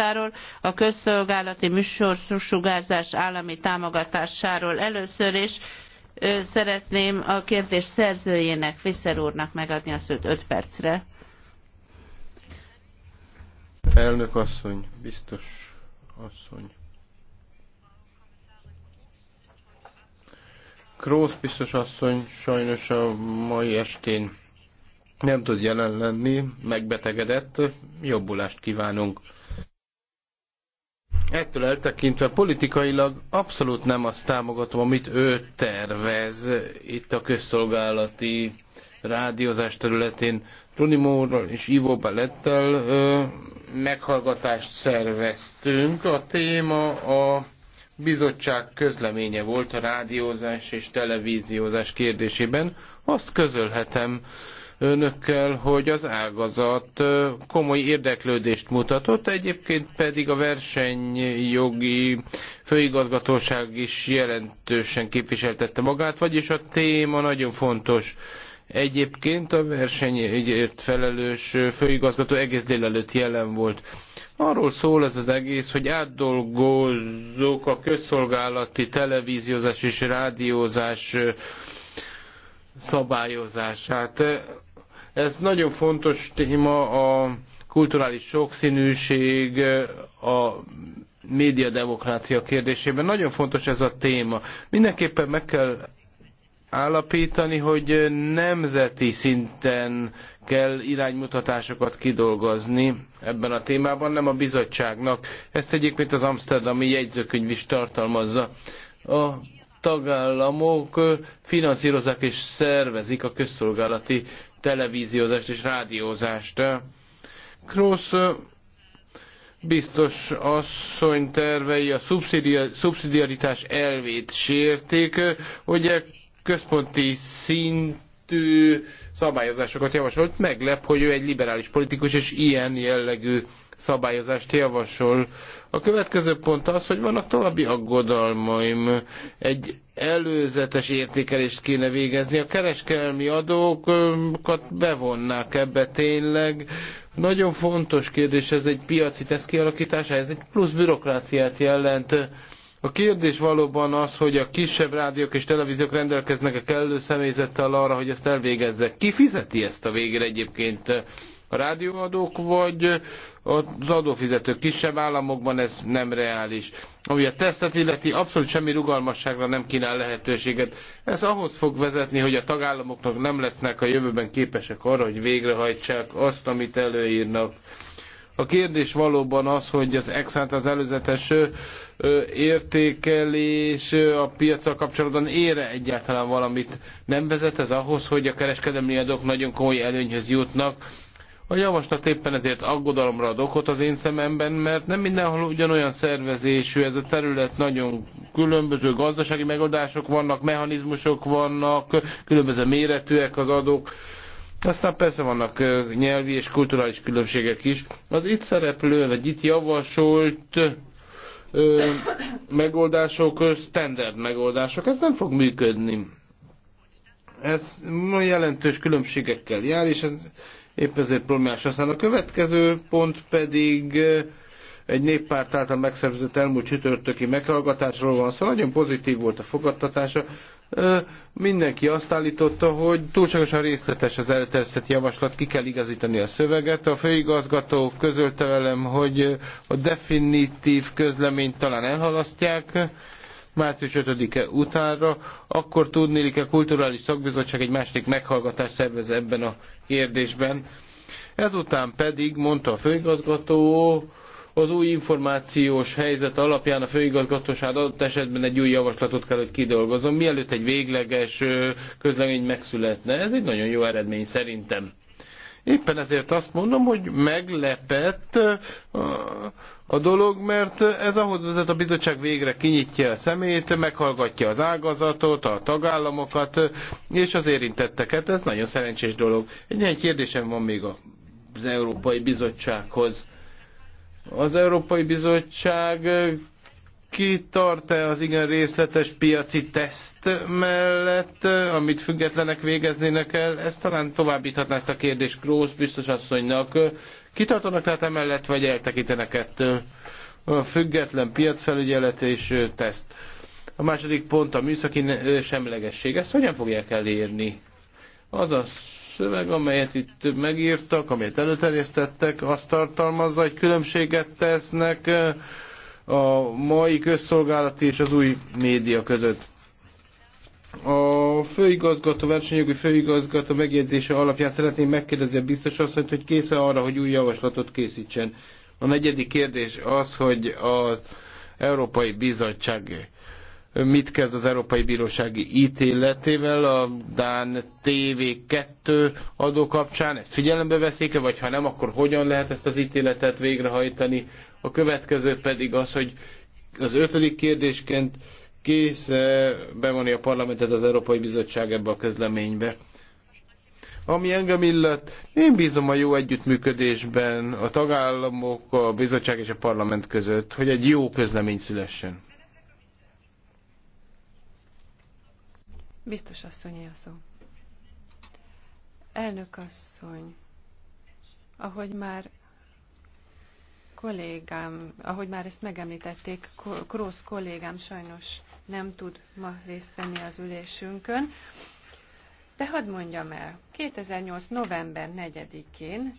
listáról, a közszolgálati műsorsugárzás állami támogatásáról. Először is szeretném a kérdés szerzőjének, Fiszer úrnak megadni a szót 5 percre. Elnök asszony, biztos asszony. Krósz biztos asszony sajnos a mai estén nem tud jelen lenni, megbetegedett, jobbulást kívánunk. Ettől eltekintve politikailag abszolút nem azt támogatom, amit ő tervez itt a közszolgálati rádiózás területén. Runimóral és Ivo Belettel ö, meghallgatást szerveztünk. A téma a bizottság közleménye volt a rádiózás és televíziózás kérdésében. Azt közölhetem, önökkel, hogy az ágazat komoly érdeklődést mutatott, egyébként pedig a versenyjogi főigazgatóság is jelentősen képviseltette magát, vagyis a téma nagyon fontos. Egyébként a versenyért felelős főigazgató egész délelőtt jelen volt. Arról szól ez az egész, hogy átdolgozzuk a közszolgálati televíziózás és rádiózás szabályozását. Ez nagyon fontos téma a kulturális sokszínűség, a médiademokrácia kérdésében. Nagyon fontos ez a téma. Mindenképpen meg kell állapítani, hogy nemzeti szinten kell iránymutatásokat kidolgozni ebben a témában, nem a bizottságnak. Ezt egyébként az amsterdami jegyzőkönyv is tartalmazza. A tagállamok finanszírozák és szervezik a közszolgálati televíziózást és rádiózást. Krósz biztos asszony tervei a szubszidiaritás elvét sérték, ugye központi szintű szabályozásokat javasolt. Meglep, hogy ő egy liberális politikus, és ilyen jellegű szabályozást javasol. A következő pont az, hogy vannak további aggodalmaim. Egy előzetes értékelést kéne végezni. A kereskelmi adókat bevonnák ebbe tényleg. Nagyon fontos kérdés, ez egy piaci tesz kialakítása, ez egy plusz bürokráciát jelent. A kérdés valóban az, hogy a kisebb rádiók és televíziók rendelkeznek a kellő személyzettel arra, hogy ezt elvégezzek. Ki fizeti ezt a végére egyébként? a rádióadók, vagy az adófizetők kisebb államokban ez nem reális. Ami a tesztet illeti, abszolút semmi rugalmasságra nem kínál lehetőséget. Ez ahhoz fog vezetni, hogy a tagállamoknak nem lesznek a jövőben képesek arra, hogy végrehajtsák azt, amit előírnak. A kérdés valóban az, hogy az exánt az előzetes értékelés a piacsal kapcsolatban ére egyáltalán valamit. Nem vezet ez ahhoz, hogy a kereskedelmi adók nagyon komoly előnyhöz jutnak, a javaslat éppen ezért aggodalomra ad okot az én szememben, mert nem mindenhol ugyanolyan szervezésű ez a terület, nagyon különböző gazdasági megoldások vannak, mechanizmusok vannak, különböző méretűek az adók. Aztán persze vannak nyelvi és kulturális különbségek is. Az itt szereplő, vagy itt javasolt ö, megoldások, standard megoldások, ez nem fog működni. Ez jelentős különbségekkel jár, és ez épp ezért problémás. Aztán a következő pont pedig eh, egy néppárt által megszervezett elmúlt csütörtöki meghallgatásról van szó, szóval nagyon pozitív volt a fogadtatása. Eh, mindenki azt állította, hogy túlságosan részletes az előterjesztett javaslat, ki kell igazítani a szöveget. A főigazgató közölte velem, hogy a definitív közleményt talán elhalasztják, március 5-e utánra, akkor tudnélik a Kulturális Szakbizottság egy másik meghallgatást szervez ebben a kérdésben. Ezután pedig, mondta a főigazgató, az új információs helyzet alapján a főigazgatóság adott esetben egy új javaslatot kell, hogy kidolgozzon, mielőtt egy végleges közlemény megszületne. Ez egy nagyon jó eredmény szerintem. Éppen ezért azt mondom, hogy meglepett a dolog, mert ez ahhoz vezet a bizottság végre kinyitja a szemét, meghallgatja az ágazatot, a tagállamokat és az érintetteket. Ez nagyon szerencsés dolog. Egy ilyen kérdésem van még az Európai Bizottsághoz. Az Európai Bizottság kitart-e az igen részletes piaci teszt mellett, amit függetlenek végeznének el? Ezt talán továbbíthatná ezt a kérdést Grósz biztos asszonynak. Kitartanak tehát emellett, vagy eltekintenek ettől? A független piacfelügyelet és teszt. A második pont a műszaki semlegesség. Ezt hogyan fogják elérni? Az a szöveg, amelyet itt megírtak, amelyet előterjesztettek, azt tartalmazza, hogy különbséget tesznek a mai közszolgálati és az új média között. A főigazgató, versenyjogi főigazgató megjegyzése alapján szeretném megkérdezni a biztos asszonyt, hogy kész arra, hogy új javaslatot készítsen. A negyedik kérdés az, hogy az Európai Bizottság mit kezd az Európai Bírósági ítéletével a Dán TV2 adó kapcsán, ezt figyelembe veszik-e, vagy ha nem, akkor hogyan lehet ezt az ítéletet végrehajtani. A következő pedig az, hogy az ötödik kérdésként kész bevonni a parlamentet az Európai Bizottság ebbe a közleménybe. Ami engem illet, én bízom a jó együttműködésben a tagállamok, a bizottság és a parlament között, hogy egy jó közlemény szülessen. Biztos asszony a szó. Elnök asszony, ahogy már kollégám, ahogy már ezt megemlítették, Krósz kollégám sajnos nem tud ma részt venni az ülésünkön. De hadd mondjam el, 2008. november 4-én,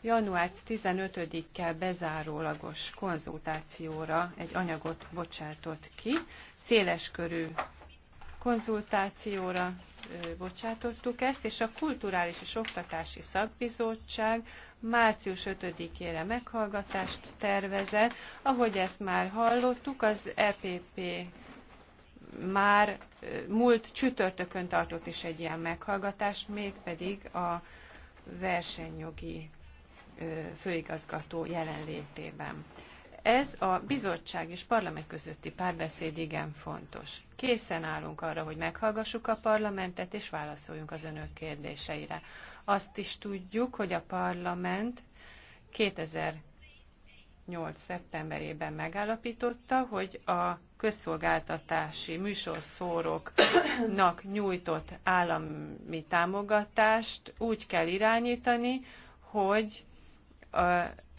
január 15-kel bezárólagos konzultációra egy anyagot bocsátott ki, széleskörű konzultációra bocsátottuk ezt, és a Kulturális és Oktatási Szakbizottság március 5-ére meghallgatást tervezett. Ahogy ezt már hallottuk, az EPP már múlt csütörtökön tartott is egy ilyen meghallgatást, mégpedig a versenyjogi főigazgató jelenlétében. Ez a bizottság és parlament közötti párbeszéd igen fontos. Készen állunk arra, hogy meghallgassuk a parlamentet, és válaszoljunk az önök kérdéseire. Azt is tudjuk, hogy a parlament 2008. szeptemberében megállapította, hogy a közszolgáltatási műsorszóroknak nyújtott állami támogatást úgy kell irányítani, hogy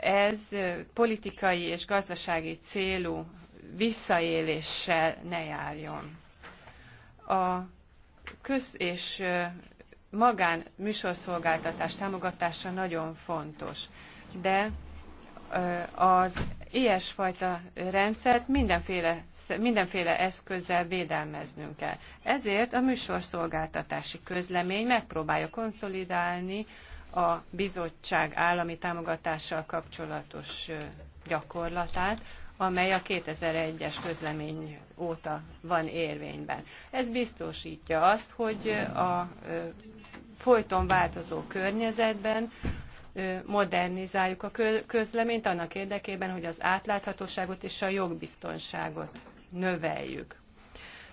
ez politikai és gazdasági célú visszaéléssel ne járjon. A köz- és magán műsorszolgáltatás támogatása nagyon fontos, de az ilyesfajta rendszert mindenféle, mindenféle eszközzel védelmeznünk kell. Ezért a műsorszolgáltatási közlemény megpróbálja konszolidálni a bizottság állami támogatással kapcsolatos gyakorlatát, amely a 2001-es közlemény óta van érvényben. Ez biztosítja azt, hogy a folyton változó környezetben modernizáljuk a közleményt annak érdekében, hogy az átláthatóságot és a jogbiztonságot növeljük.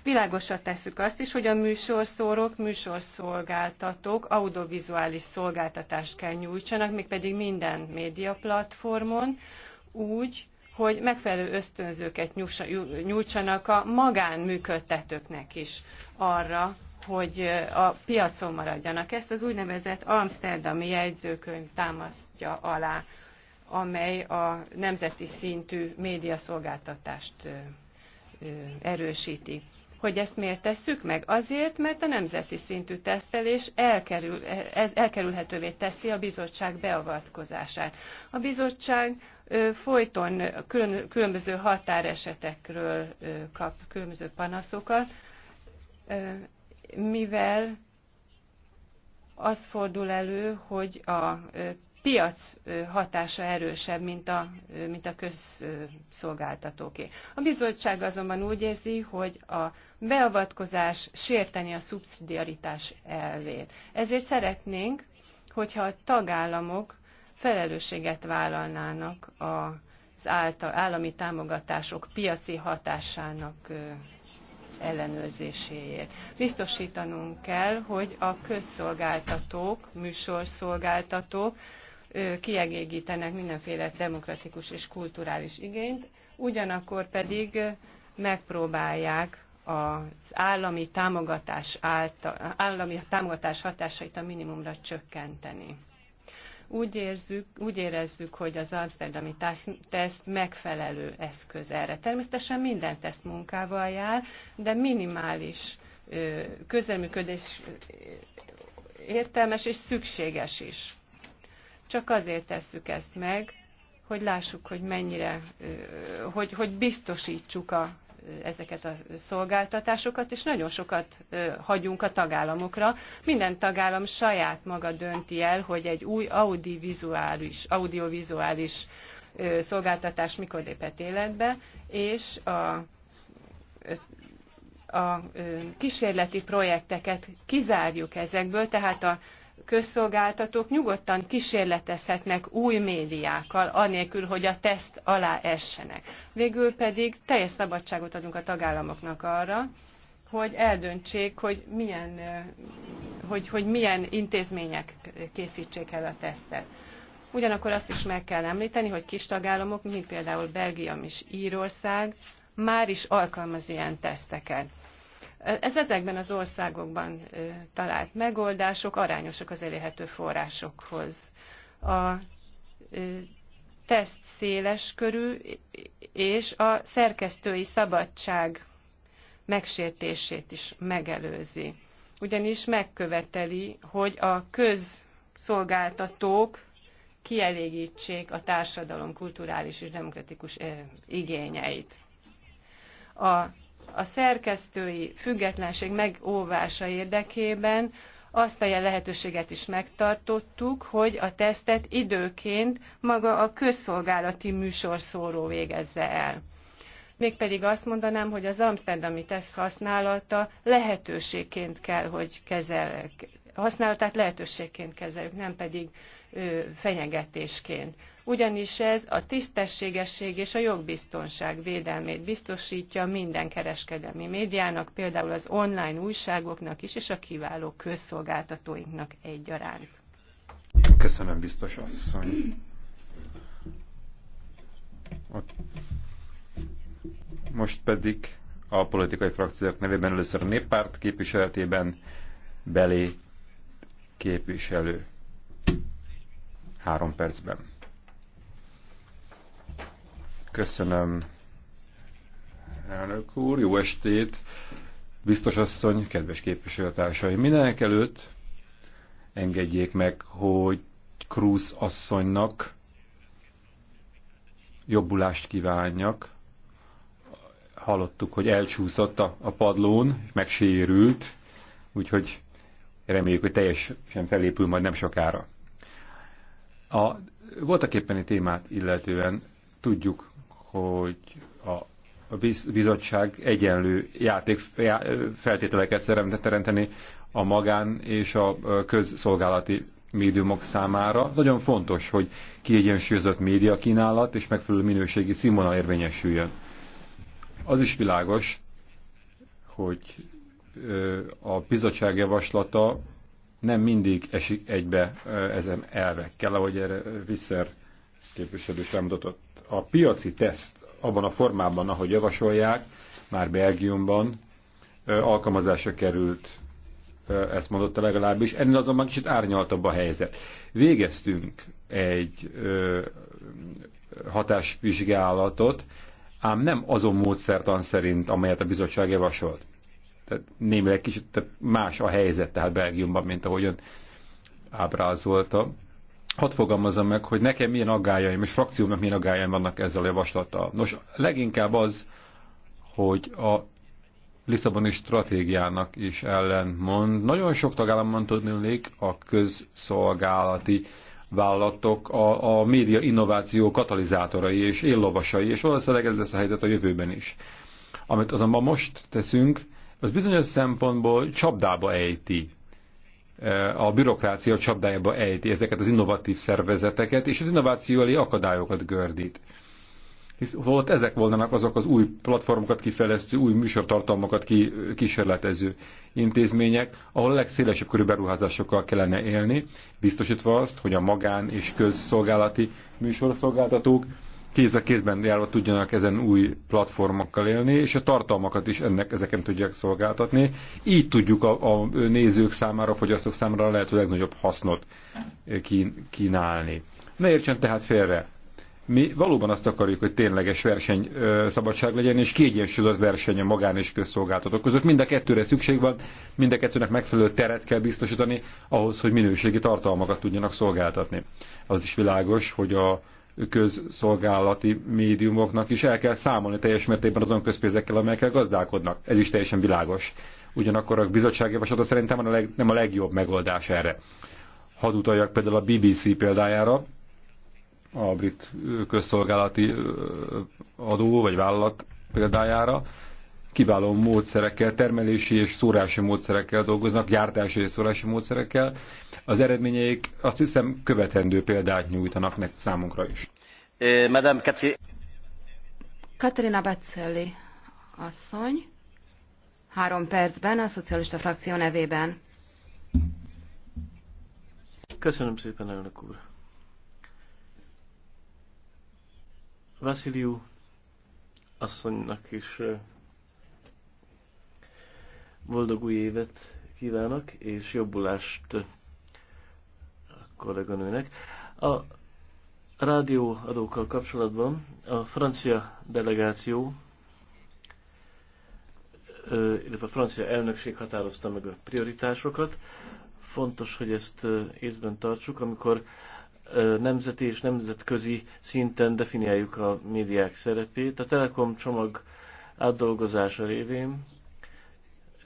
Világosra tesszük azt is, hogy a műsorszórók, műsorszolgáltatók audiovizuális szolgáltatást kell nyújtsanak, mégpedig minden médiaplatformon, úgy, hogy megfelelő ösztönzőket nyújtsanak a magánműködtetőknek is arra, hogy a piacon maradjanak. Ezt az úgynevezett Amsterdami jegyzőkönyv támasztja alá, amely a nemzeti szintű médiaszolgáltatást erősíti. Hogy ezt miért tesszük meg? Azért, mert a nemzeti szintű tesztelés elkerül, ez elkerülhetővé teszi a bizottság beavatkozását. A bizottság folyton külön, különböző határesetekről kap különböző panaszokat, mivel az fordul elő, hogy a piac hatása erősebb, mint a, mint a közszolgáltatóké. A bizottság azonban úgy érzi, hogy a beavatkozás sérteni a szubszidiaritás elvét. Ezért szeretnénk, hogyha a tagállamok felelősséget vállalnának az által, állami támogatások piaci hatásának ellenőrzéséért. Biztosítanunk kell, hogy a közszolgáltatók, műsorszolgáltatók, kiegégítenek mindenféle demokratikus és kulturális igényt, ugyanakkor pedig megpróbálják az állami támogatás, által, állami támogatás hatásait a minimumra csökkenteni. Úgy, érzük, úgy érezzük, hogy az amsterdami teszt megfelelő eszköz erre. Természetesen minden teszt munkával jár, de minimális közelműködés értelmes és szükséges is. Csak azért tesszük ezt meg, hogy lássuk, hogy mennyire, hogy, hogy biztosítsuk a, ezeket a szolgáltatásokat, és nagyon sokat hagyunk a tagállamokra. Minden tagállam saját maga dönti el, hogy egy új audiovizuális, audiovizuális szolgáltatás mikor lépett életbe, és a a kísérleti projekteket kizárjuk ezekből, tehát a közszolgáltatók nyugodtan kísérletezhetnek új médiákkal, anélkül, hogy a teszt alá essenek. Végül pedig teljes szabadságot adunk a tagállamoknak arra, hogy eldöntsék, hogy milyen, hogy, hogy milyen intézmények készítsék el a tesztet. Ugyanakkor azt is meg kell említeni, hogy kis tagállamok, mint például Belgium és Írország, már is alkalmaz ilyen teszteket. Ez ezekben az országokban talált megoldások arányosak az elérhető forrásokhoz. A teszt széles körű és a szerkesztői szabadság megsértését is megelőzi. Ugyanis megköveteli, hogy a közszolgáltatók kielégítsék a társadalom kulturális és demokratikus igényeit. A a szerkesztői függetlenség megóvása érdekében azt a lehetőséget is megtartottuk, hogy a tesztet időként maga a közszolgálati műsorszóró végezze el. Mégpedig azt mondanám, hogy az amsterdami teszt használata lehetőségként kell, hogy kezeljük. Használatát lehetőségként kezeljük, nem pedig fenyegetésként. Ugyanis ez a tisztességesség és a jogbiztonság védelmét biztosítja minden kereskedelmi médiának, például az online újságoknak is, és a kiváló közszolgáltatóinknak egyaránt. Köszönöm, biztos asszony. Most pedig a politikai frakciók nevében először a néppárt képviseletében belé képviselő három percben. Köszönöm, elnök úr, jó estét, biztos asszony, kedves képviselőtársai. Mindenek előtt engedjék meg, hogy Krúz asszonynak jobbulást kívánjak. Hallottuk, hogy elcsúszott a, a padlón, és megsérült, úgyhogy reméljük, hogy teljesen felépül majd nem sokára. A voltak éppeni témát illetően tudjuk, hogy a a bizottság egyenlő játék feltételeket szeretne teremteni a magán és a közszolgálati médiumok számára. Nagyon fontos, hogy kiegyensúlyozott média kínálat és megfelelő minőségi színvonal érvényesüljön. Az is világos, hogy a bizottság javaslata nem mindig esik egybe ezen elvekkel, ahogy erre Visszer képviselő sem mutatott. A piaci teszt abban a formában, ahogy javasolják, már Belgiumban alkalmazásra került, ezt mondotta legalábbis, ennél azonban kicsit árnyaltabb a helyzet. Végeztünk egy hatásvizsgálatot, ám nem azon módszertan szerint, amelyet a bizottság javasolt tehát némileg kicsit tehát más a helyzet, tehát Belgiumban, mint ahogyan ábrázolta. Hadd fogalmazom meg, hogy nekem milyen aggájaim, és frakciómnak milyen aggájaim vannak ezzel a javaslattal. Nos, leginkább az, hogy a Lisszaboni stratégiának is ellentmond. Nagyon sok tagállamban tudnélik a közszolgálati vállalatok a, a média innováció katalizátorai és éllovasai, és valószínűleg ez lesz a helyzet a jövőben is. Amit azonban most teszünk, az bizonyos szempontból csapdába ejti e, a bürokrácia csapdájába ejti ezeket az innovatív szervezeteket, és az innováció elé akadályokat gördít. Hisz holott ezek volnának azok az új platformokat kifejlesztő, új műsortartalmakat ki, kísérletező intézmények, ahol a legszélesebb körű beruházásokkal kellene élni, biztosítva azt, hogy a magán és közszolgálati műsorszolgáltatók kéz a kézben járva tudjanak ezen új platformokkal élni, és a tartalmakat is ennek ezeken tudják szolgáltatni. Így tudjuk a, a nézők számára, a fogyasztók számára a lehető legnagyobb hasznot eh, kínálni. Ne értsen tehát félre, mi valóban azt akarjuk, hogy tényleges verseny szabadság legyen, és kiegyensúlyozott verseny a magán és közszolgáltatók között. Mind a kettőre szükség van, mind a kettőnek megfelelő teret kell biztosítani ahhoz, hogy minőségi tartalmakat tudjanak szolgáltatni. Az is világos, hogy a közszolgálati médiumoknak is el kell számolni teljes mértékben azon közpénzekkel, amelyekkel gazdálkodnak. Ez is teljesen világos. Ugyanakkor a bizottság javaslata szerintem a leg, nem a legjobb megoldás erre. Hadd utaljak például a BBC példájára, a brit közszolgálati adó vagy vállalat példájára, kiváló módszerekkel, termelési és szórási módszerekkel dolgoznak, gyártási és szórási módszerekkel. Az eredményeik azt hiszem követendő példát nyújtanak nek számunkra is. Eh, Madame Kaci. Katerina Bacelli asszony, három percben a szocialista frakció nevében. Köszönöm szépen, elnök úr. Vasiliu asszonynak is eh, Boldog új évet kívánok, és jobbulást a kolléganőnek. A rádióadókkal kapcsolatban a francia delegáció, illetve a francia elnökség határozta meg a prioritásokat. Fontos, hogy ezt észben tartsuk, amikor nemzeti és nemzetközi szinten definiáljuk a médiák szerepét. A Telekom csomag átdolgozása révén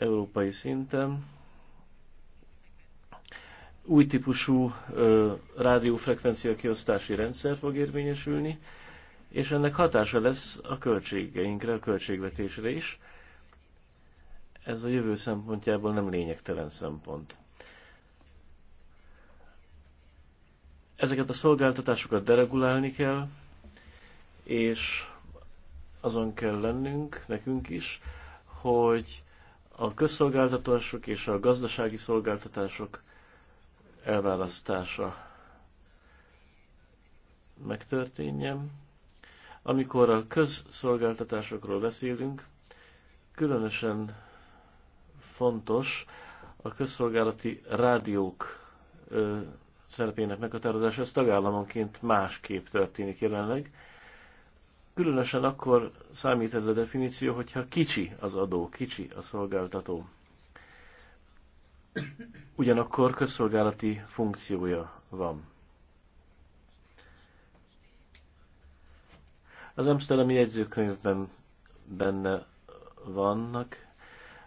európai szinten új típusú ö, rádiófrekvencia kiosztási rendszer fog érvényesülni, és ennek hatása lesz a költségeinkre, a költségvetésre is. Ez a jövő szempontjából nem lényegtelen szempont. Ezeket a szolgáltatásokat deregulálni kell, és azon kell lennünk, nekünk is, hogy a közszolgáltatások és a gazdasági szolgáltatások elválasztása megtörténjen. Amikor a közszolgáltatásokról beszélünk, különösen fontos a közszolgálati rádiók ö, szerepének meghatározása, ez tagállamonként másképp történik jelenleg Különösen akkor számít ez a definíció, hogyha kicsi az adó, kicsi a szolgáltató. Ugyanakkor közszolgálati funkciója van. Az Amsterdami jegyzőkönyvben benne vannak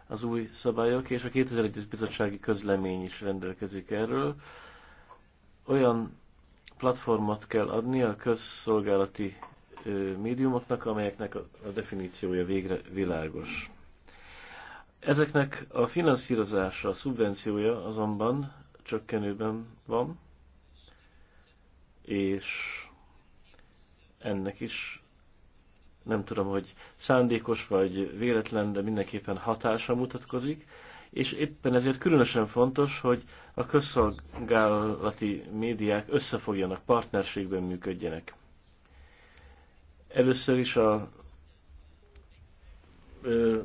az új szabályok, és a 2001-es bizottsági közlemény is rendelkezik erről. Olyan platformot kell adni a közszolgálati médiumoknak, amelyeknek a definíciója végre világos. Ezeknek a finanszírozása, a szubvenciója azonban csökkenőben van, és ennek is nem tudom, hogy szándékos vagy véletlen, de mindenképpen hatása mutatkozik, és éppen ezért különösen fontos, hogy a közszolgálati médiák összefogjanak, partnerségben működjenek. Először is a ö,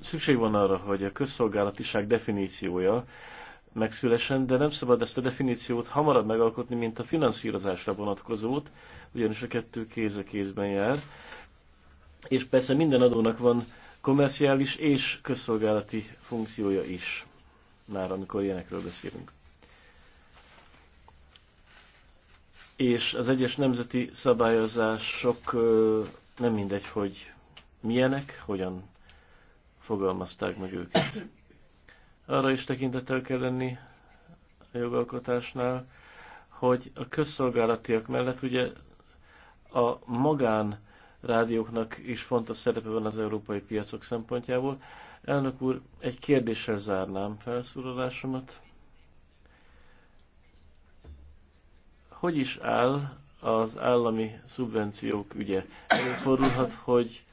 szükség van arra, hogy a közszolgálatiság definíciója megszülesen, de nem szabad ezt a definíciót hamarabb megalkotni, mint a finanszírozásra vonatkozót, ugyanis a kettő kéz a kézben jár. És persze minden adónak van komerciális és közszolgálati funkciója is, már amikor ilyenekről beszélünk. és az egyes nemzeti szabályozások nem mindegy, hogy milyenek, hogyan fogalmazták meg őket. Arra is tekintettel kell lenni a jogalkotásnál, hogy a közszolgálatiak mellett ugye a magán rádióknak is fontos szerepe van az európai piacok szempontjából. Elnök úr, egy kérdéssel zárnám felszólalásomat. hogy is áll az állami szubvenciók ügye? Előfordulhat, hogy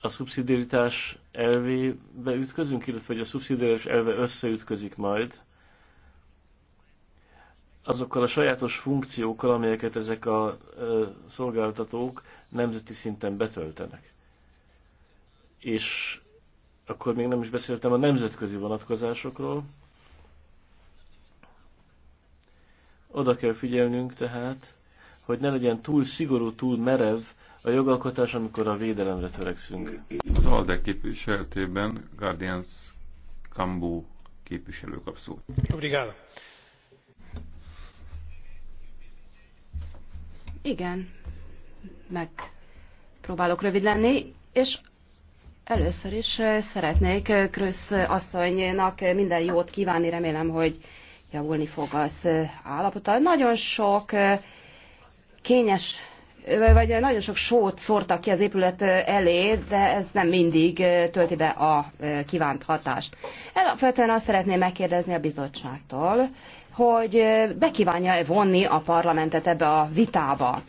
a szubszidiaritás elvébe ütközünk, illetve hogy a szubszidiaritás elve összeütközik majd azokkal a sajátos funkciókkal, amelyeket ezek a szolgáltatók nemzeti szinten betöltenek. És akkor még nem is beszéltem a nemzetközi vonatkozásokról, Oda kell figyelnünk tehát, hogy ne legyen túl szigorú, túl merev a jogalkotás, amikor a védelemre törekszünk. Az ALDE képviseletében Guardians Kambu képviselő kap szót. Obrigado. Igen, meg próbálok rövid lenni, és először is eh, szeretnék eh, Krösz asszonynak eh, minden jót kívánni, remélem, hogy javulni fog az állapota. Nagyon sok kényes, vagy nagyon sok sót szórtak ki az épület elé, de ez nem mindig tölti be a kívánt hatást. Alapvetően azt szeretném megkérdezni a bizottságtól, hogy bekívánja vonni a parlamentet ebbe a vitába.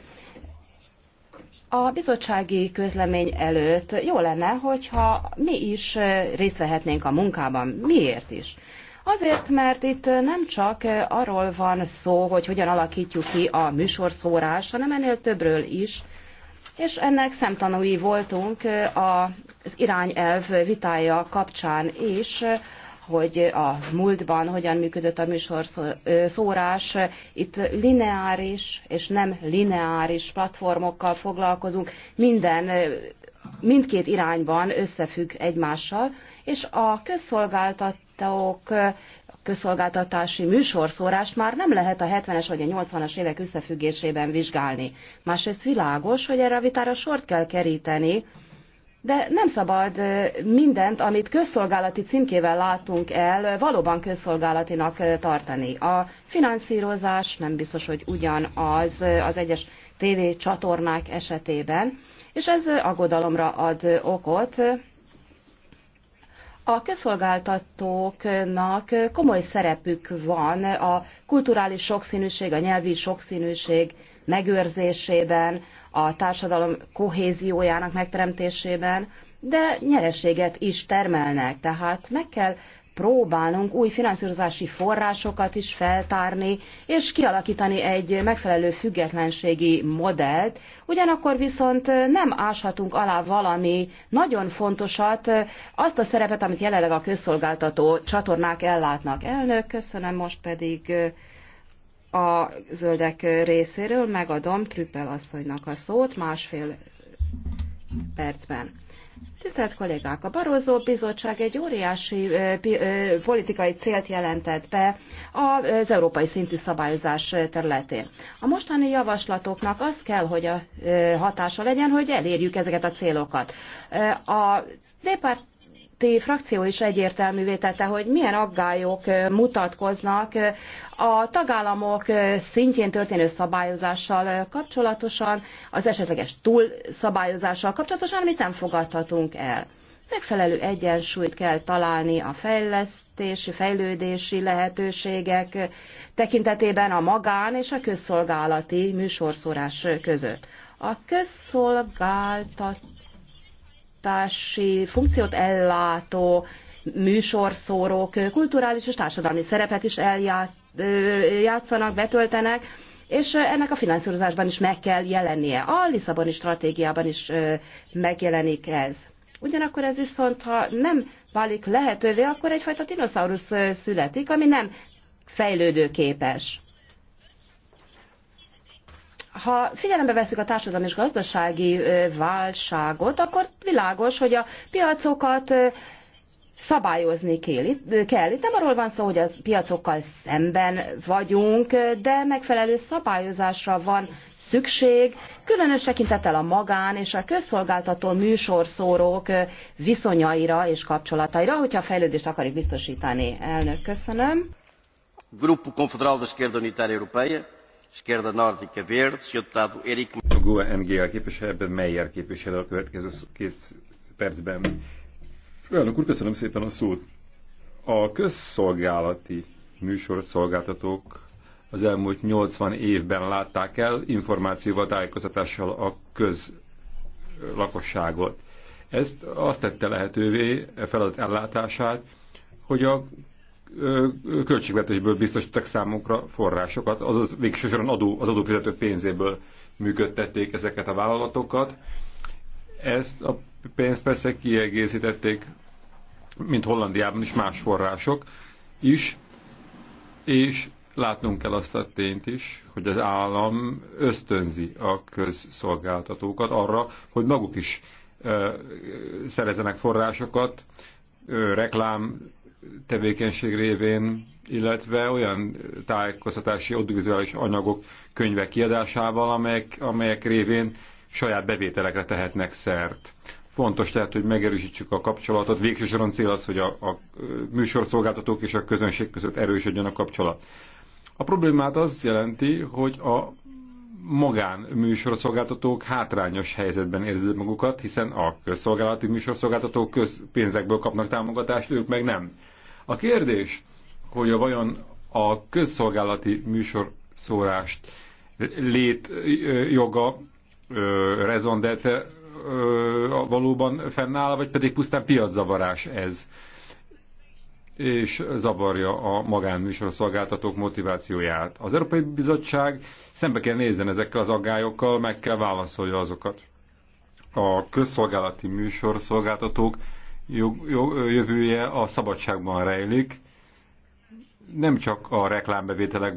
A bizottsági közlemény előtt jó lenne, hogyha mi is részt vehetnénk a munkában. Miért is? Azért, mert itt nem csak arról van szó, hogy hogyan alakítjuk ki a műsorszórás, hanem ennél többről is, és ennek szemtanúi voltunk az irányelv vitája kapcsán is, hogy a múltban hogyan működött a műsorszórás. Itt lineáris és nem lineáris platformokkal foglalkozunk. Minden, mindkét irányban összefügg egymással, és a közszolgáltat szolgáltatók a közszolgáltatási műsorszórást már nem lehet a 70-es vagy a 80-as évek összefüggésében vizsgálni. Másrészt világos, hogy erre a vitára sort kell keríteni, de nem szabad mindent, amit közszolgálati címkével látunk el, valóban közszolgálatinak tartani. A finanszírozás nem biztos, hogy ugyanaz az egyes tévé csatornák esetében, és ez aggodalomra ad okot, a közszolgáltatóknak komoly szerepük van a kulturális sokszínűség, a nyelvi sokszínűség megőrzésében, a társadalom kohéziójának megteremtésében, de nyereséget is termelnek, tehát meg kell próbálunk új finanszírozási forrásokat is feltárni, és kialakítani egy megfelelő függetlenségi modellt, ugyanakkor viszont nem áshatunk alá valami nagyon fontosat, azt a szerepet, amit jelenleg a közszolgáltató csatornák ellátnak. Elnök, köszönöm most pedig eh, a zöldek részéről megadom Trüppel asszonynak a szót másfél percben. Tisztelt kollégák, a Barozó Bizottság egy óriási politikai célt jelentett be az európai szintű szabályozás területén. A mostani javaslatoknak az kell, hogy a hatása legyen, hogy elérjük ezeket a célokat. A Népárt néppárti frakció is egyértelművé tette, hogy milyen aggályok mutatkoznak a tagállamok szintjén történő szabályozással kapcsolatosan, az esetleges túlszabályozással kapcsolatosan, amit nem fogadhatunk el. Megfelelő egyensúlyt kell találni a fejlesztési, fejlődési lehetőségek tekintetében a magán és a közszolgálati műsorszórás között. A közszolgáltat oktatási funkciót ellátó műsorszórók kulturális és társadalmi szerepet is eljátszanak, betöltenek, és ennek a finanszírozásban is meg kell jelennie. A Lisszaboni stratégiában is megjelenik ez. Ugyanakkor ez viszont, ha nem válik lehetővé, akkor egyfajta dinoszaurusz születik, ami nem fejlődőképes. Ha figyelembe veszük a társadalmi és gazdasági válságot, akkor világos, hogy a piacokat szabályozni kell. Itt nem arról van szó, hogy a piacokkal szemben vagyunk, de megfelelő szabályozásra van szükség, különös tekintettel a magán és a közszolgáltató műsorszórók viszonyaira és kapcsolataira, hogyha a fejlődést akarjuk biztosítani. Elnök, köszönöm. Grupo Confederal da Esquerda Unitária Europeia a GUA e NGL képviselőben Meyer képviselő a következő két percben. Elnök úr, köszönöm szépen a szót. A közszolgálati műsorszolgáltatók az elmúlt 80 évben látták el információval, tájékoztatással a köz lakosságot. Ezt azt tette lehetővé, e feladat ellátását, hogy a költségvetésből biztosítottak számunkra forrásokat, azaz végsősorban adó, az adófizető pénzéből működtették ezeket a vállalatokat. Ezt a pénzt persze kiegészítették, mint Hollandiában is más források is, és látnunk kell azt a tényt is, hogy az állam ösztönzi a közszolgáltatókat arra, hogy maguk is ö, szerezenek forrásokat, ö, reklám tevékenység révén, illetve olyan tájékoztatási audiovizuális anyagok, könyvek kiadásával, amelyek, amelyek révén saját bevételekre tehetnek szert. Fontos tehát, hogy megerősítsük a kapcsolatot. Végső soron cél az, hogy a, a műsorszolgáltatók és a közönség között erősödjön a kapcsolat. A problémát az jelenti, hogy a magán műsorszolgáltatók hátrányos helyzetben érzik magukat, hiszen a közszolgálati műsorszolgáltatók közpénzekből kapnak támogatást, ők meg nem. A kérdés, hogy a vajon a közszolgálati műsorszórást létjoga joga rezonált-e valóban fennáll, vagy pedig pusztán piaczavarás ez, és zavarja a magánműsorszolgáltatók motivációját. Az Európai Bizottság szembe kell nézzen ezekkel az aggályokkal, meg kell válaszolja azokat. A közszolgálati műsorszolgáltatók jog, jog, jövője a szabadságban rejlik. Nem csak a reklámbevételek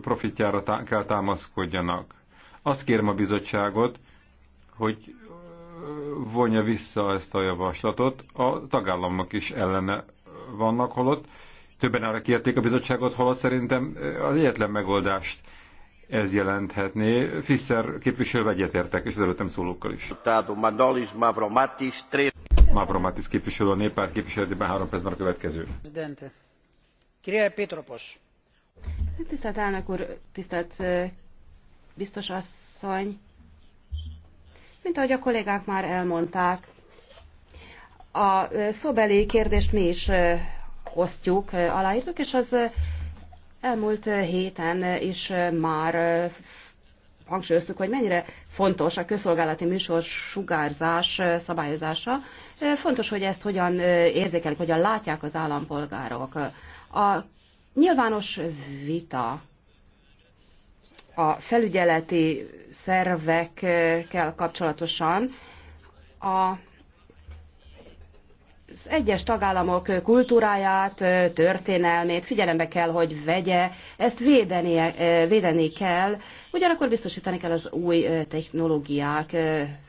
profitjára tá kell támaszkodjanak. Azt kérem a bizottságot, hogy vonja vissza ezt a javaslatot. A tagállamok is ellene vannak, holott többen arra kérték a bizottságot, holott szerintem az egyetlen megoldást ez jelenthetné. Fisszer képviselő egyetértek, és az előttem szólókkal is. Mavromatis képviselő a néppárt képviseletében három percben a következő. Tisztelt elnök úr, tisztelt biztos asszony, mint ahogy a kollégák már elmondták, a szóbeli kérdést mi is osztjuk, aláírtuk, és az elmúlt héten is már hangsúlyoztuk, hogy mennyire fontos a közszolgálati műsor sugárzás eh, szabályozása. Eh, fontos, hogy ezt hogyan eh, érzékelik, hogyan látják az állampolgárok. A nyilvános vita a felügyeleti szervekkel kapcsolatosan a az egyes tagállamok kultúráját, történelmét figyelembe kell, hogy vegye, ezt védeni, védeni kell, ugyanakkor biztosítani kell az új technológiák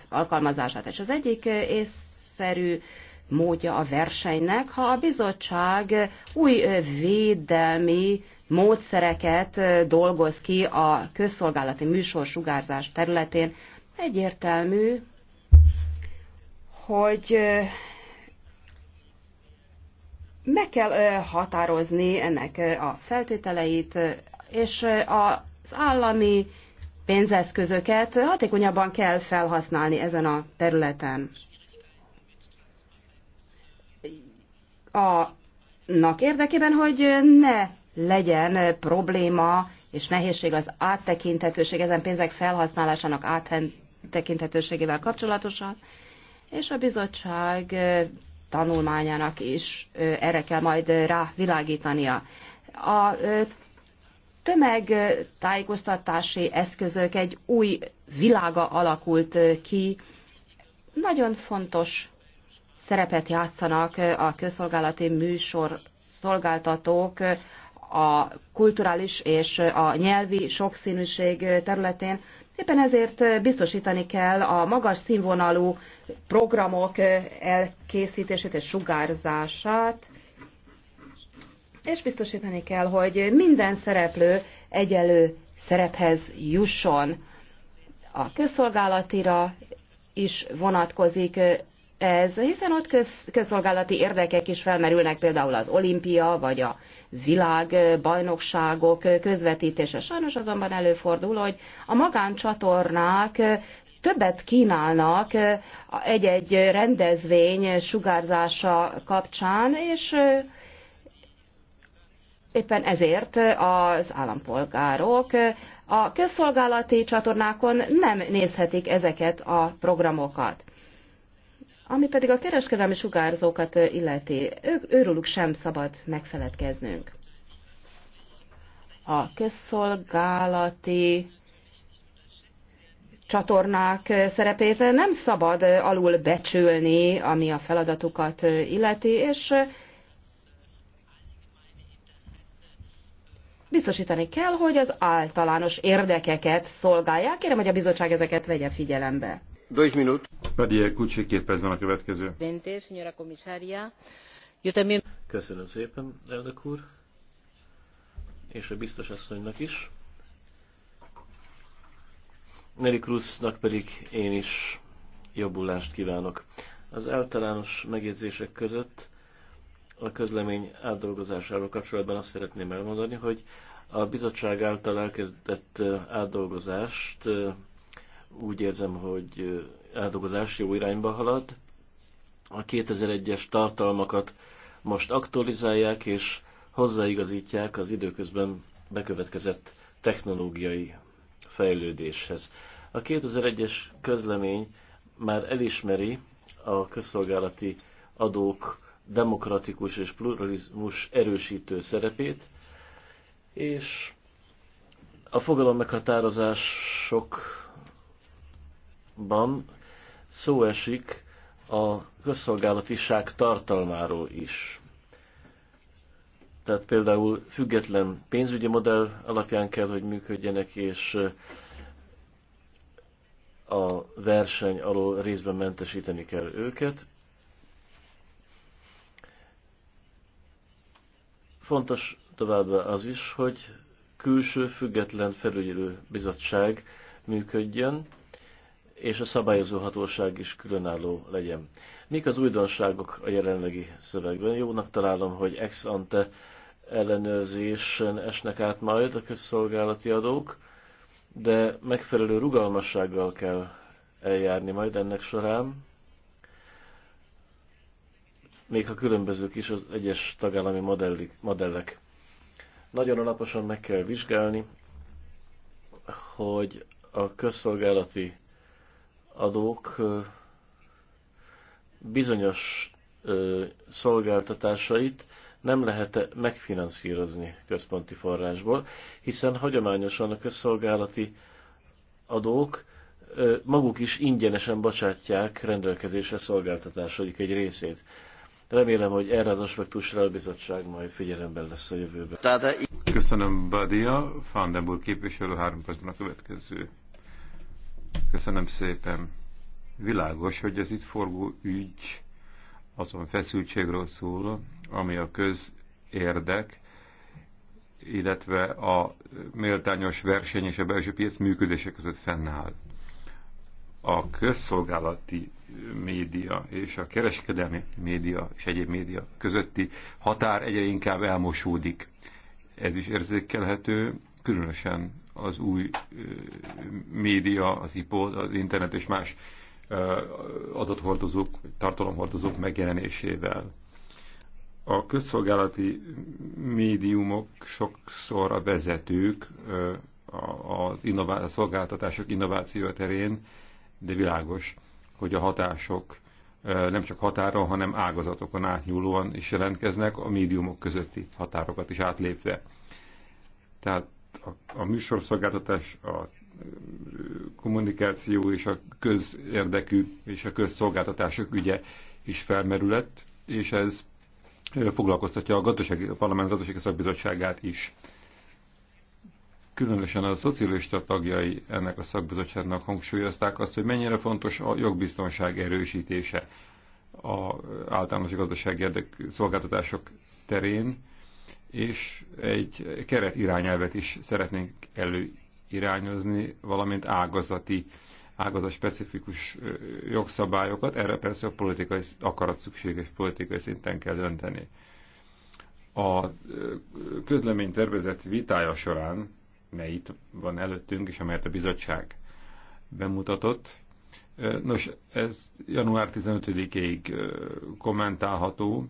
alkalmazását. És az egyik észszerű módja a versenynek, ha a bizottság új védelmi módszereket dolgoz ki a közszolgálati műsorsugárzás területén, egyértelmű, hogy meg kell határozni ennek a feltételeit, és az állami pénzeszközöket hatékonyabban kell felhasználni ezen a területen. Annak érdekében, hogy ne legyen probléma és nehézség az áttekinthetőség, ezen pénzek felhasználásának áttekinthetőségével kapcsolatosan, és a bizottság tanulmányának is erre kell majd rávilágítania. A tömegtájékoztatási eszközök egy új világa alakult ki. Nagyon fontos szerepet játszanak a közszolgálati műsor szolgáltatók a kulturális és a nyelvi sokszínűség területén, Éppen ezért eh, biztosítani kell a magas színvonalú programok eh, elkészítését és sugárzását, és biztosítani kell, hogy minden szereplő egyelő szerephez jusson. A közszolgálatira is vonatkozik eh, ez, hiszen ott köz, közszolgálati érdekek is felmerülnek, például az olimpia vagy a világbajnokságok közvetítése. Sajnos azonban előfordul, hogy a magáncsatornák többet kínálnak egy-egy rendezvény sugárzása kapcsán, és éppen ezért az állampolgárok a közszolgálati csatornákon nem nézhetik ezeket a programokat. Ami pedig a kereskedelmi sugárzókat illeti, ők, sem szabad megfeledkeznünk. A közszolgálati csatornák szerepét nem szabad alul becsülni, ami a feladatukat illeti, és biztosítani kell, hogy az általános érdekeket szolgálják. Kérem, hogy a bizottság ezeket vegye figyelembe. Köszönöm szépen, elnök úr, és a biztos asszonynak is. Neri Cruznak pedig én is jobbulást kívánok. Az általános megjegyzések között a közlemény átdolgozásáról kapcsolatban azt szeretném elmondani, hogy a bizottság által elkezdett átdolgozást úgy érzem, hogy áldolgozás jó irányba halad. A 2001-es tartalmakat most aktualizálják és hozzáigazítják az időközben bekövetkezett technológiai fejlődéshez. A 2001-es közlemény már elismeri a közszolgálati adók demokratikus és pluralizmus erősítő szerepét, és a fogalom meghatározások ban szó esik a közszolgálatiság tartalmáról is. Tehát például független pénzügyi modell alapján kell, hogy működjenek, és eh, a verseny alól részben mentesíteni kell őket. Fontos továbbá az is, hogy külső független felügyelő bizottság működjön, és a szabályozó hatóság is különálló legyen. Mik az újdonságok a jelenlegi szövegben? Jónak találom, hogy ex ante ellenőrzésen esnek át majd a közszolgálati adók, de megfelelő rugalmassággal kell eljárni majd ennek során, még ha különbözők is az egyes tagállami modellik, modellek. Nagyon alaposan meg kell vizsgálni, hogy a közszolgálati adók bizonyos szolgáltatásait nem lehet -e megfinanszírozni központi forrásból, hiszen hagyományosan a közszolgálati adók maguk is ingyenesen bocsátják rendelkezésre szolgáltatásaik egy részét. Remélem, hogy erre az aspektusra a bizottság majd figyelemben lesz a jövőben. Köszönöm, Badia. Fandenburg képviselő három percben a következő. Köszönöm szépen. Világos, hogy az itt forgó ügy azon feszültségről szól, ami a közérdek, illetve a méltányos verseny és a belső piac működése között fennáll. A közszolgálati média és a kereskedelmi média és egyéb média közötti határ egyre inkább elmosódik. Ez is érzékelhető, különösen az új média, az IPO, az internet és más adathordozók, tartalomhordozók megjelenésével. A közszolgálati médiumok sokszor a vezetők az innová- a szolgáltatások innováció terén, de világos, hogy a hatások nem csak határon, hanem ágazatokon átnyúlóan is jelentkeznek, a médiumok közötti határokat is átlépve. Tehát a, a műsorszolgáltatás, a kommunikáció és a közérdekű és a közszolgáltatások ügye is felmerülett, és ez foglalkoztatja a, gazdasági, a parlament gazdasági szakbizottságát is. Különösen a szocialista tagjai ennek a szakbizottságnak hangsúlyozták azt, hogy mennyire fontos a jogbiztonság erősítése a általános gazdasági szolgáltatások terén, és egy keret irányelvet is szeretnénk előirányozni, valamint ágazati, ágazat specifikus jogszabályokat, erre persze a politikai akarat szükséges politikai szinten kell dönteni. A közlemény tervezett vitája során, mely itt van előttünk, és amelyet a bizottság bemutatott, nos, ez január 15-ig kommentálható,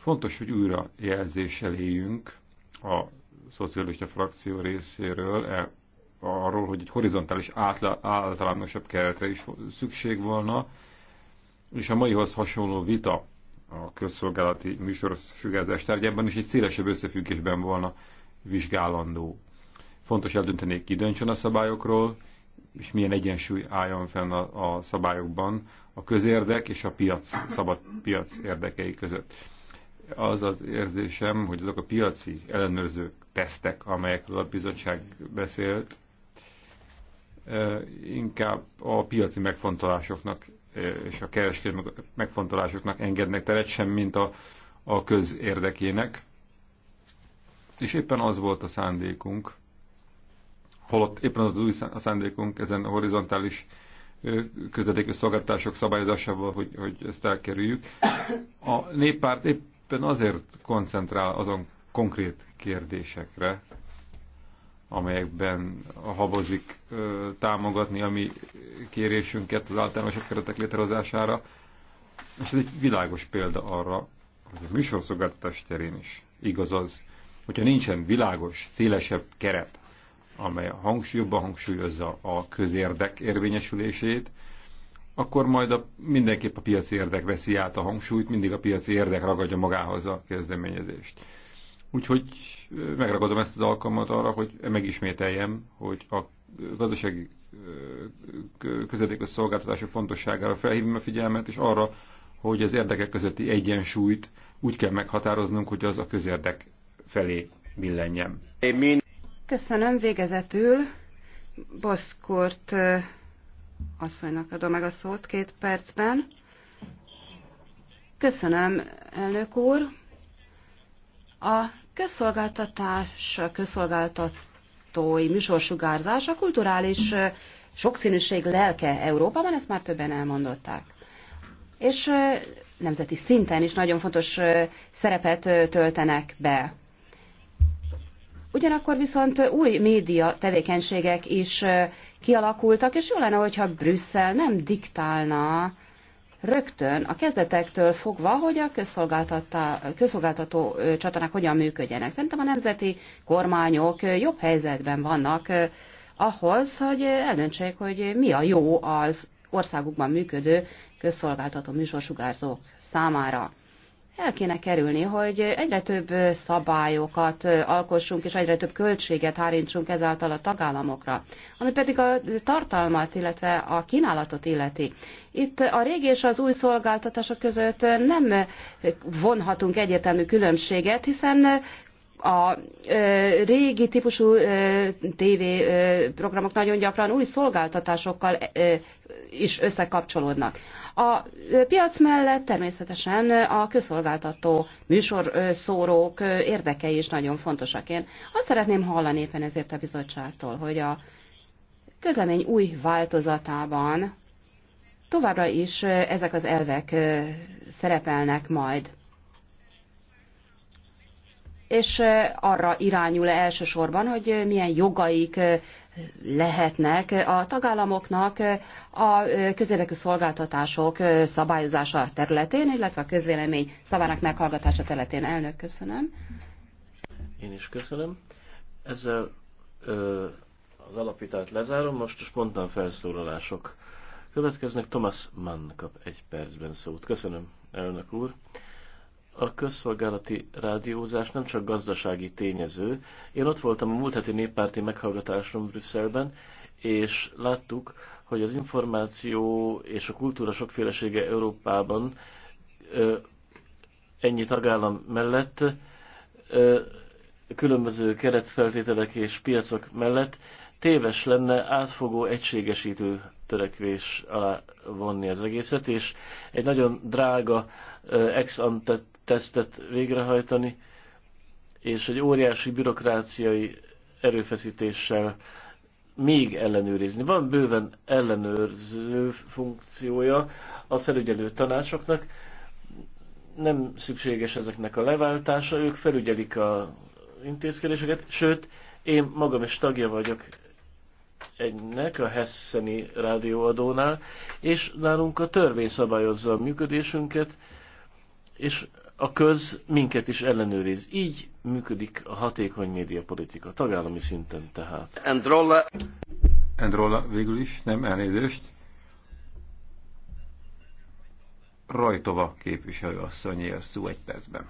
Fontos, hogy újra jelzéssel éljünk a szocialista frakció részéről e, arról, hogy egy horizontális átla, általánosabb keretre is szükség volna, és a maihoz hasonló vita a közszolgálati műsorsugárzás tárgyában is egy szélesebb összefüggésben volna vizsgálandó. Fontos eldönteni, ki döntsön a szabályokról, és milyen egyensúly álljon fenn a, a szabályokban a közérdek és a piac, szabad piac érdekei között az az érzésem, hogy azok a piaci ellenőrző tesztek, amelyekről a bizottság beszélt, inkább a piaci megfontolásoknak és a kereskedelmi megfontolásoknak engednek teret, sem mint a, a közérdekének. És éppen az volt a szándékunk, holott éppen az új szándékunk ezen a horizontális közvetékű szolgáltatások szabályozásával, hogy, hogy ezt elkerüljük. A néppárt épp éppen azért koncentrál azon konkrét kérdésekre, amelyekben habozik támogatni a mi kérésünket az általános keretek létrehozására. És ez egy világos példa arra, hogy a műsorszolgáltatás terén is igaz az, hogyha nincsen világos, szélesebb keret, amely hangsúlyobban hangsúlyozza a közérdek érvényesülését, akkor majd a, mindenképp a piaci érdek veszi át a hangsúlyt, mindig a piaci érdek ragadja magához a kezdeményezést. Úgyhogy megragadom ezt az alkalmat arra, hogy megismételjem, hogy a gazdasági közvetékos szolgáltatások fontosságára felhívom a figyelmet, és arra, hogy az érdekek közötti egyensúlyt úgy kell meghatároznunk, hogy az a közérdek felé billenjen. Köszönöm végezetül Boszkort asszonynak adom meg a szót két percben. Köszönöm, elnök úr. A közszolgáltatás, a közszolgáltatói műsorsugárzás a kulturális sokszínűség lelke Európában, ezt már többen elmondották. És nemzeti szinten is nagyon fontos szerepet töltenek be. Ugyanakkor viszont új média tevékenységek is kialakultak, és jó lenne, hogyha Brüsszel nem diktálna rögtön a kezdetektől fogva, hogy a közszolgáltató csatornák hogyan működjenek. Szerintem a nemzeti kormányok jobb helyzetben vannak ahhoz, hogy eldöntsék, hogy mi a jó az országukban működő közszolgáltató műsorsugárzók számára el kéne kerülni, hogy egyre több szabályokat alkossunk, és egyre több költséget hárítsunk ezáltal a tagállamokra. Ami pedig a tartalmat, illetve a kínálatot illeti. Itt a régi és az új szolgáltatások között nem vonhatunk egyértelmű különbséget, hiszen a régi típusú TV programok nagyon gyakran új szolgáltatásokkal is összekapcsolódnak. A piac mellett természetesen a közszolgáltató műsorszórók érdekei is nagyon fontosak. Én azt szeretném hallani éppen ezért a bizottságtól, hogy a közlemény új változatában továbbra is ezek az elvek szerepelnek majd. És arra irányul -e elsősorban, hogy milyen jogaik lehetnek a tagállamoknak a közérdekű szolgáltatások szabályozása területén, illetve a közvélemény szavának meghallgatása területén. Elnök, köszönöm. Én is köszönöm. Ezzel ö, az alapítást lezárom, most a spontán felszólalások következnek. Thomas Mann kap egy percben szót. Köszönöm, elnök úr a közszolgálati rádiózás nem csak gazdasági tényező. Én ott voltam a múlt heti néppárti meghallgatáson Brüsszelben, és láttuk, hogy az információ és a kultúra sokfélesége Európában ennyi tagállam mellett, különböző keretfeltételek és piacok mellett téves lenne átfogó egységesítő törekvés alá vonni az egészet, és egy nagyon drága ex ante tesztet végrehajtani, és egy óriási bürokráciai erőfeszítéssel még ellenőrizni. Van bőven ellenőrző funkciója a felügyelő tanácsoknak, nem szükséges ezeknek a leváltása, ők felügyelik a intézkedéseket, sőt, én magam is tagja vagyok egynek, a Hesseni rádióadónál, és nálunk a törvény szabályozza a működésünket, és a köz minket is ellenőriz. Így működik a hatékony médiapolitika, tagállami szinten tehát. Endrolla. Endrolla végül is, nem elnézést. Rajtova képviselő asszonyé a szó egy percben.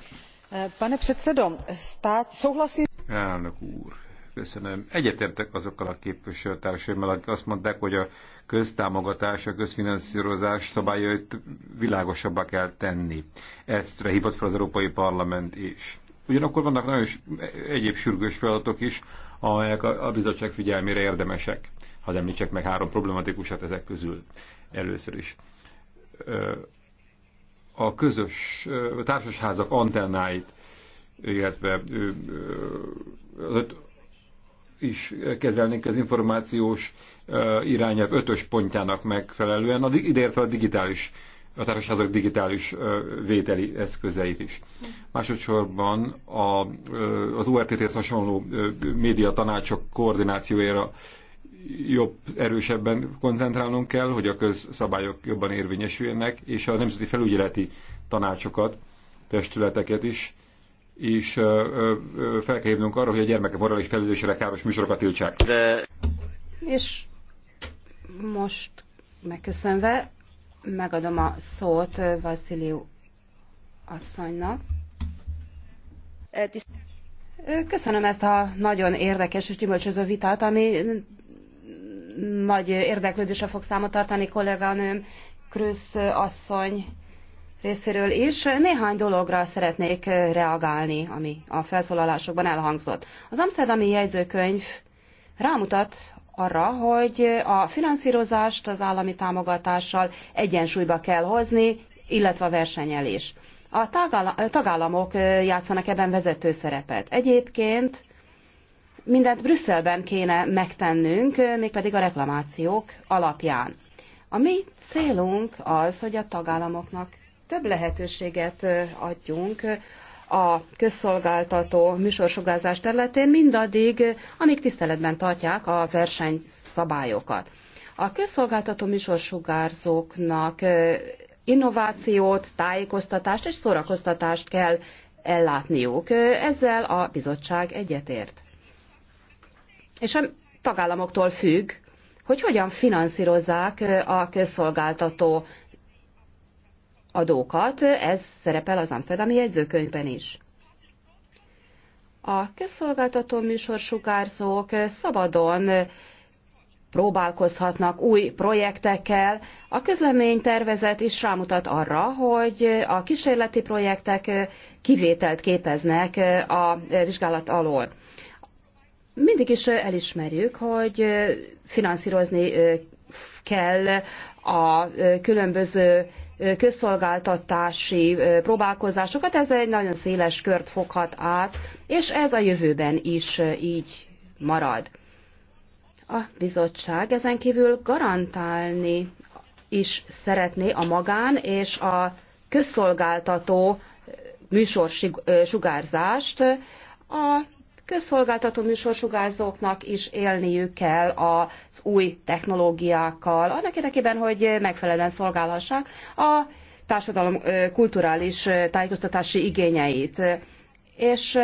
Pane předsedo, stát souhlasím... Elnök úr, Köszönöm. Egyetértek azokkal a képviselőtársaimmal, akik azt mondták, hogy a köztámogatás, a közfinanszírozás szabályait világosabbá kell tenni. Ezt hívott fel az Európai Parlament is. Ugyanakkor vannak nagyon egyéb sürgős feladatok is, amelyek a bizottság figyelmére érdemesek. Hadd említsek meg három problematikusat ezek közül először is. A közös a társasházak antennáit, illetve is kezelnék az információs irányelv ötös pontjának megfelelően, ideértve a digitális a társaságok digitális vételi eszközeit is. Másodszorban a, az URTT-hez er hasonló média tanácsok koordinációjára jobb, erősebben koncentrálnunk kell, hogy a közszabályok jobban érvényesüljenek, és a nemzeti felügyeleti tanácsokat, testületeket is és fel kell hívnunk arra, hogy a gyermekek morális fejlődésére káros műsorokat tiltsák. De... És most megköszönve megadom a szót Vasiliu asszonynak. E, köszönöm ezt a nagyon érdekes és gyümölcsöző vitát, ami nagy érdeklődésre fog számot tartani kolléganőm, Krősz asszony részéről is. Néhány dologra szeretnék reagálni, ami a felszólalásokban elhangzott. Az Amsterdami jegyzőkönyv rámutat arra, hogy a finanszírozást az állami támogatással egyensúlyba kell hozni, illetve a versenyelés. A tagállamok játszanak ebben vezető szerepet. Egyébként mindent Brüsszelben kéne megtennünk, mégpedig a reklamációk alapján. A mi célunk az, hogy a tagállamoknak több lehetőséget adjunk a közszolgáltató műsorsugázás területén mindaddig, amíg tiszteletben tartják a versenyszabályokat. A közszolgáltató műsorsugárzóknak innovációt, tájékoztatást és szórakoztatást kell ellátniuk. Ezzel a bizottság egyetért. És a tagállamoktól függ, hogy hogyan finanszírozzák a közszolgáltató adókat, ez szerepel az Amsterdami jegyzőkönyvben is. A közszolgáltató sugárzók szabadon próbálkozhatnak új projektekkel. A közlemény tervezet is rámutat arra, hogy a kísérleti projektek kivételt képeznek a vizsgálat alól. Mindig is elismerjük, hogy finanszírozni kell a különböző közszolgáltatási próbálkozásokat, ez egy nagyon széles kört foghat át, és ez a jövőben is így marad. A bizottság ezen kívül garantálni is szeretné a magán és a közszolgáltató műsorsugárzást a közszolgáltató műsorsugárzóknak is élniük kell az új technológiákkal, annak érdekében, hogy megfelelően szolgálhassák a társadalom kulturális tájékoztatási igényeit. És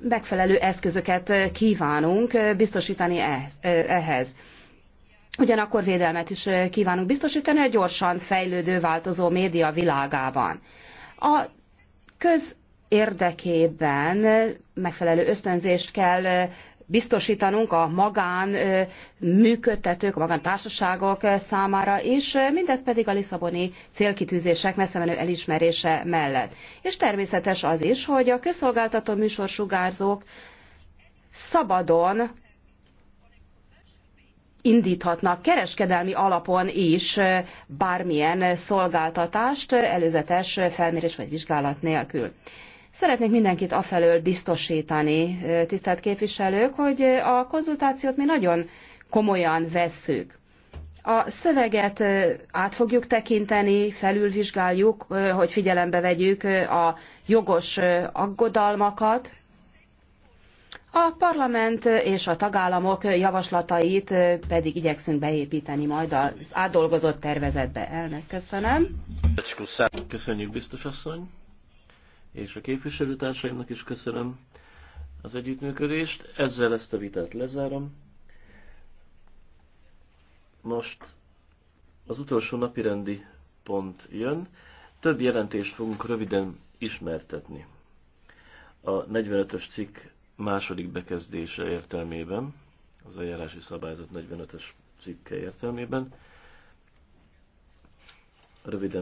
megfelelő eszközöket kívánunk biztosítani ehhez. Ugyanakkor védelmet is kívánunk biztosítani a gyorsan fejlődő, változó média világában. A köz érdekében megfelelő ösztönzést kell biztosítanunk a magán működtetők, a magántársaságok számára is, mindez pedig a Lisszaboni célkitűzések menő elismerése mellett. És természetes az is, hogy a közszolgáltató műsorsugárzók szabadon indíthatnak kereskedelmi alapon is bármilyen szolgáltatást előzetes felmérés vagy vizsgálat nélkül. Szeretnék mindenkit afelől biztosítani, tisztelt képviselők, hogy a konzultációt mi nagyon komolyan vesszük. A szöveget át fogjuk tekinteni, felülvizsgáljuk, hogy figyelembe vegyük a jogos aggodalmakat. A parlament és a tagállamok javaslatait pedig igyekszünk beépíteni majd az átdolgozott tervezetbe. Elnök, köszönöm. Köszönjük, biztos asszony és a képviselőtársaimnak is köszönöm az együttműködést. Ezzel ezt a vitát lezárom. Most az utolsó napirendi pont jön. Több jelentést fogunk röviden ismertetni. A 45-ös cikk második bekezdése értelmében, az eljárási szabályzat 45-ös cikke értelmében. Röviden